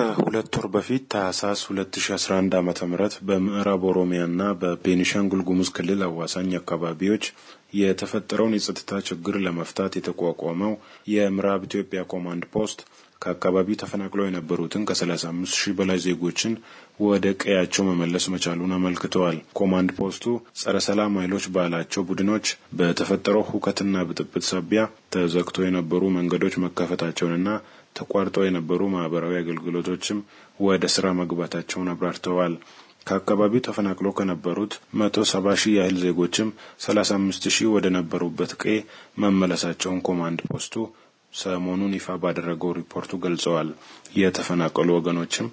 ከሁለት ወር በፊት ታህሳስ 2011 ዓ ም በምዕራብ ኦሮሚያና በቤኒሻንጉል ጉሙዝ ክልል አዋሳኝ አካባቢዎች የተፈጠረውን የጸጥታ ችግር ለመፍታት የተቋቋመው የምዕራብ ኢትዮጵያ ኮማንድ ፖስት ከአካባቢው ተፈናቅለው የነበሩትን ከ35 ሺህ በላይ ዜጎችን ወደ ቀያቸው መመለስ መቻሉን አመልክተዋል። ኮማንድ ፖስቱ ጸረ ሰላም ኃይሎች ባላቸው ቡድኖች በተፈጠረው ሁከትና ብጥብጥ ሳቢያ ተዘግቶ የነበሩ መንገዶች መከፈታቸውንና ተቋርጠው የነበሩ ማህበራዊ አገልግሎቶችም ወደ ስራ መግባታቸውን አብራርተዋል። ከአካባቢው ተፈናቅለው ከነበሩት መቶ ሰባ ሺህ ያህል ዜጎችም ሰላሳ አምስት ሺህ ወደ ነበሩበት ቀዬ መመለሳቸውን ኮማንድ ፖስቱ ሰሞኑን ይፋ ባደረገው ሪፖርቱ ገልጸዋል። የተፈናቀሉ ወገኖችም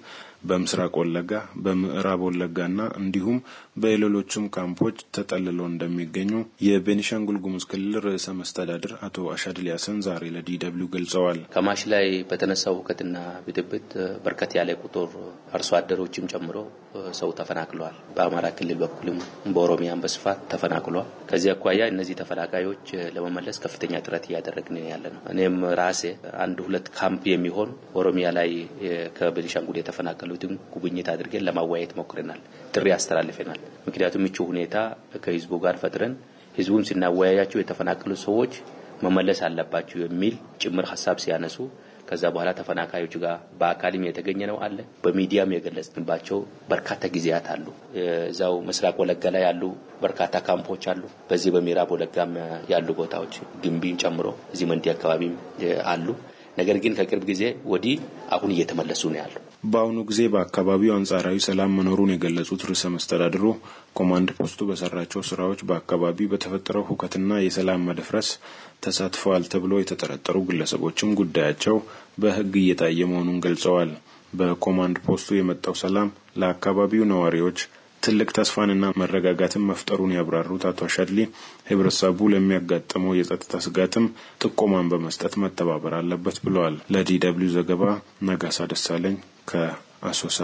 በምስራቅ ወለጋ፣ በምዕራብ ወለጋና እንዲሁም በሌሎችም ካምፖች ተጠልለው እንደሚገኙ የቤኒሻንጉል ጉሙዝ ክልል ርዕሰ መስተዳድር አቶ አሻድሊያስን ዛሬ ለዲደብሊው ገልጸዋል። ከማሽ ላይ በተነሳው ሁከትና ብጥብጥ በርከት ያለ ቁጥር አርሶ አደሮችም ጨምሮ ሰው ተፈናቅለዋል። በአማራ ክልል በኩልም በኦሮሚያን በስፋት ተፈናቅሏል። ከዚህ አኳያ እነዚህ ተፈናቃዮች ለመመለስ ከፍተኛ ጥረት እያደረግን ያለ ነው። እኔም ራሴ አንድ ሁለት ካምፕ የሚሆን ኦሮሚያ ላይ ከቤኒሻንጉል የተፈናቀሉ የተፈናቀሉትን ጉብኝት አድርገን ለማወያየት ሞክረናል፣ ጥሪ አስተላልፈናል። ምክንያቱም ምቹ ሁኔታ ከህዝቡ ጋር ፈጥረን ህዝቡም ስናወያያቸው የተፈናቀሉ ሰዎች መመለስ አለባቸው የሚል ጭምር ሀሳብ ሲያነሱ ከዛ በኋላ ተፈናቃዮች ጋር በአካልም የተገኘ ነው አለ በሚዲያም የገለጽንባቸው በርካታ ጊዜያት አሉ። እዛው ምስራቅ ወለጋ ላይ ያሉ በርካታ ካምፖች አሉ። በዚህ በምዕራብ ወለጋም ያሉ ቦታዎች ግንቢም ጨምሮ እዚህ መንዲ አካባቢም አሉ። ነገር ግን ከቅርብ ጊዜ ወዲህ አሁን እየተመለሱ ነው ያሉ በአሁኑ ጊዜ በአካባቢው አንጻራዊ ሰላም መኖሩን የገለጹት ርዕሰ መስተዳድሩ ኮማንድ ፖስቱ በሰራቸው ስራዎች በአካባቢው በተፈጠረው ሁከትና የሰላም መደፍረስ ተሳትፈዋል ተብሎ የተጠረጠሩ ግለሰቦችም ጉዳያቸው በሕግ እየታየ መሆኑን ገልጸዋል። በኮማንድ ፖስቱ የመጣው ሰላም ለአካባቢው ነዋሪዎች ትልቅ ተስፋንና መረጋጋትን መፍጠሩን ያብራሩት አቶ አሻድሊ ህብረተሰቡ ለሚያጋጥመው የጸጥታ ስጋትም ጥቆማን በመስጠት መተባበር አለበት ብለዋል። ለዲ ደብልዩ ዘገባ ነጋሳ ደሳለኝ ከአሶሳ